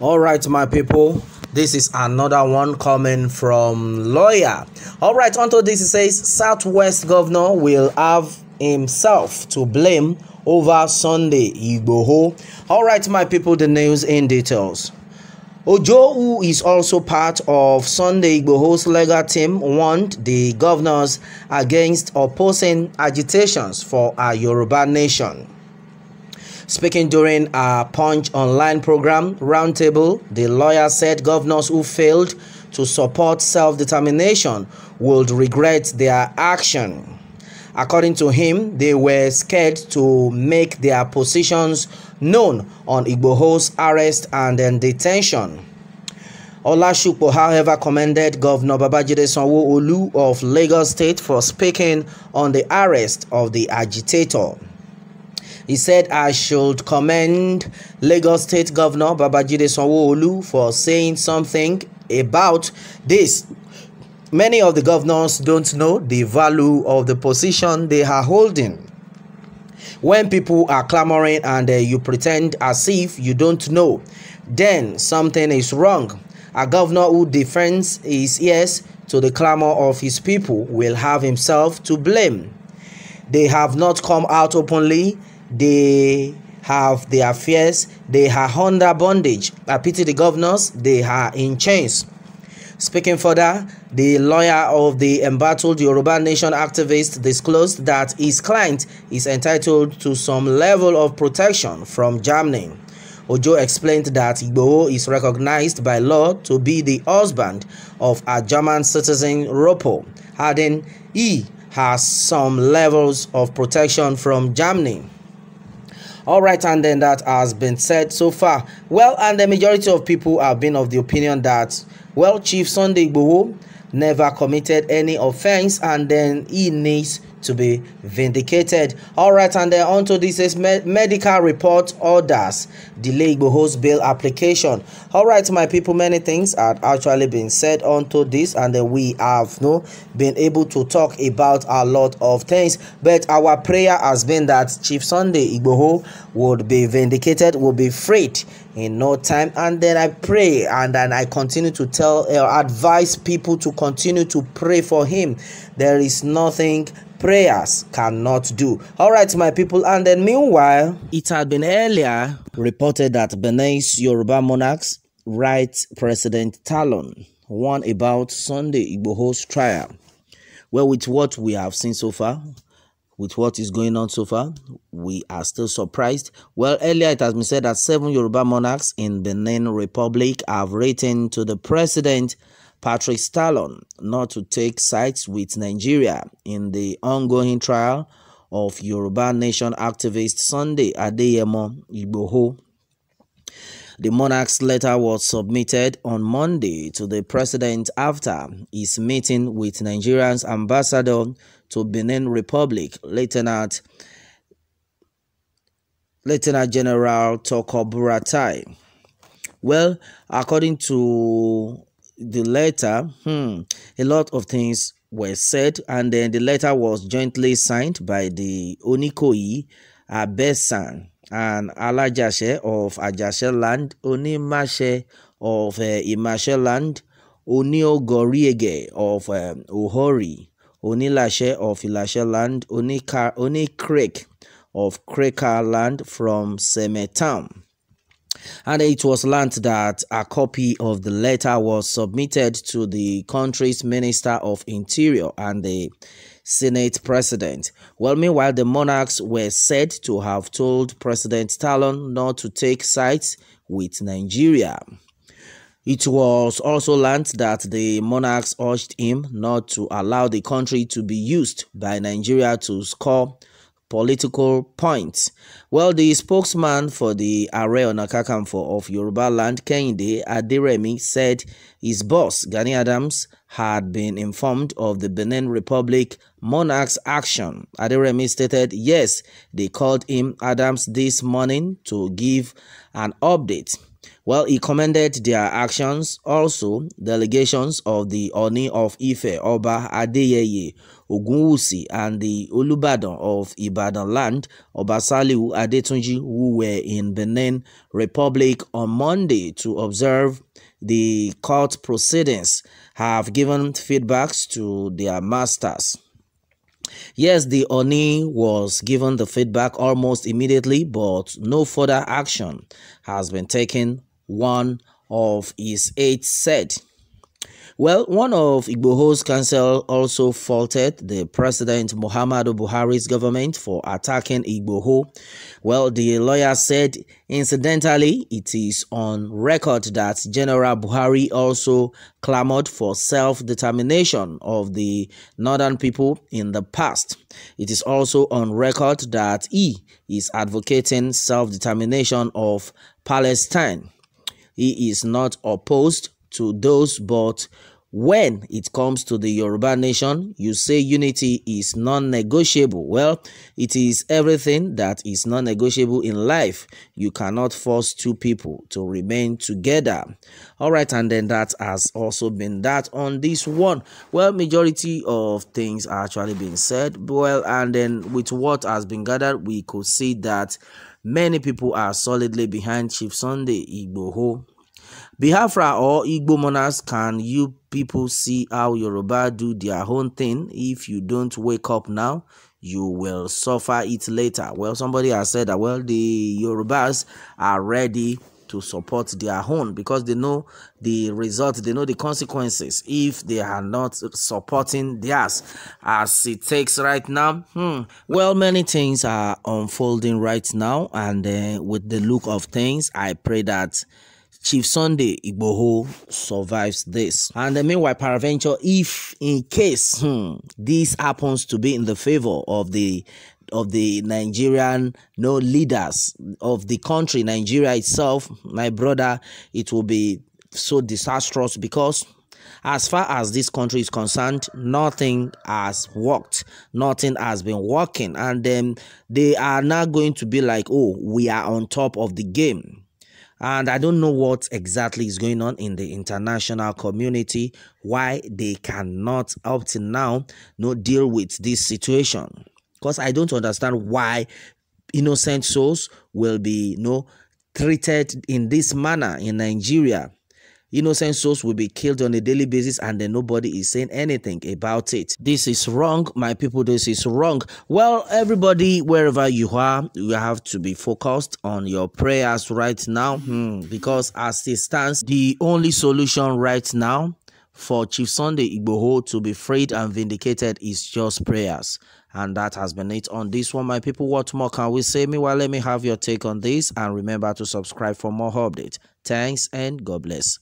all right my people this is another one coming from lawyer all right onto this it says southwest governor will have himself to blame over sunday igboho all right my people the news in details Ojowu is also part of Sunday Igboho's legal team warned the governors against opposing agitations for a Yoruba nation. Speaking during a Punch online program roundtable, the lawyer said governors who failed to support self-determination would regret their action. According to him, they were scared to make their positions known on Igboho's arrest and then detention. Olashupo, however, commended Governor Babajide Sanwo-Olu of Lagos State for speaking on the arrest of the agitator. He said, I should commend Lagos State Governor Babajide Sanwo-Olu for saying something about this many of the governors don't know the value of the position they are holding. When people are clamoring and uh, you pretend as if you don't know, then something is wrong. A governor who defends his ears to the clamor of his people will have himself to blame. They have not come out openly. They have their fears. They are under bondage. I pity the governors. They are in chains. Speaking further, the lawyer of the embattled Yoruba Nation activist disclosed that his client is entitled to some level of protection from jamming. Ojo explained that Igboho is recognized by law to be the husband of a German citizen Ropo, adding he has some levels of protection from jamming. All right, and then that has been said so far. Well, and the majority of people have been of the opinion that well, Chief Sunday Igboho never committed any offense and then he needs to be vindicated. All right, and then onto this is med medical report orders, delay Igboho's bill application. All right, my people, many things have actually been said onto this, and then we have you no know, been able to talk about a lot of things. But our prayer has been that Chief Sunday Igboho would be vindicated, would be freed in no time. And then I pray, and then I continue to tell, uh, advise people to continue to pray for him. There is nothing prayers cannot do. All right, my people. And then meanwhile, it had been earlier reported that Benin's Yoruba monarchs write President Talon one about Sunday Igboho's trial. Well, with what we have seen so far, with what is going on so far, we are still surprised. Well, earlier it has been said that seven Yoruba monarchs in Benin Republic have written to the president Patrick Stallon not to take sides with Nigeria in the ongoing trial of Yoruba Nation activist Sunday Adeyemo Igboho. The monarch's letter was submitted on Monday to the president after his meeting with Nigeria's ambassador to Benin Republic, Lieutenant, Lieutenant General Tokoburatai. Well, according to the letter, hmm, a lot of things were said, and then the letter was jointly signed by the Onikoi Abesan and Alajashe of Ajashe land, Onimashe of uh, Imashe land, Oniogoriege of um, Ohori, Onilashe of Ilashe land, Onika, Onikrik of Kreka land from Semetown and it was learnt that a copy of the letter was submitted to the country's Minister of Interior and the Senate President. Well, meanwhile, the monarchs were said to have told President Talon not to take sides with Nigeria. It was also learnt that the monarchs urged him not to allow the country to be used by Nigeria to score political points. Well, the spokesman for the Are Onakakamfo of Yoruba land, Kehinde Adiremi, said his boss, Gani Adams, had been informed of the Benin Republic monarch's action. Adiremi stated, yes, they called him Adams this morning to give an update. Well, he commended their actions. Also, delegations of the Oni of Ife, Oba Adeyeye, Ogunwusi and the Olubadan of Ibadan land, Obasaliu Adetunji, who were in Benin Republic on Monday to observe the court proceedings, have given feedbacks to their masters. Yes, the Oni was given the feedback almost immediately, but no further action has been taken, one of his aides said. Well, one of Igboho's counsel also faulted the President Muhammadu Buhari's government for attacking Igboho. Well, the lawyer said, incidentally, it is on record that General Buhari also clamored for self-determination of the northern people in the past. It is also on record that he is advocating self-determination of Palestine. He is not opposed to those but when it comes to the Yoruba nation, you say unity is non negotiable. Well, it is everything that is non negotiable in life. You cannot force two people to remain together. All right, and then that has also been that on this one. Well, majority of things are actually being said. Well, and then with what has been gathered, we could see that many people are solidly behind Chief Sunday Igboho. Biafra or Igbo monarchs, can you people see how Yoruba do their own thing. If you don't wake up now, you will suffer it later. Well, somebody has said that, well, the Yorubas are ready to support their own because they know the result. they know the consequences if they are not supporting theirs as it takes right now. Hmm. Well, many things are unfolding right now, and uh, with the look of things, I pray that Chief Sunday Igboho survives this. And then meanwhile, Paraventure, if in case hmm, this happens to be in the favor of the of the Nigerian no leaders of the country, Nigeria itself, my brother, it will be so disastrous because as far as this country is concerned, nothing has worked, nothing has been working, and then they are now going to be like, oh, we are on top of the game and I don't know what exactly is going on in the international community, why they cannot up to now no deal with this situation. Because I don't understand why innocent souls will be you no know, treated in this manner in Nigeria innocent souls will be killed on a daily basis and then nobody is saying anything about it. This is wrong, my people. This is wrong. Well, everybody, wherever you are, you have to be focused on your prayers right now hmm, because, as it stands, the only solution right now for Chief Sunday Igboho to be freed and vindicated is just prayers. And that has been it on this one, my people. What more can we say? Meanwhile, let me have your take on this and remember to subscribe for more updates. Thanks and God bless.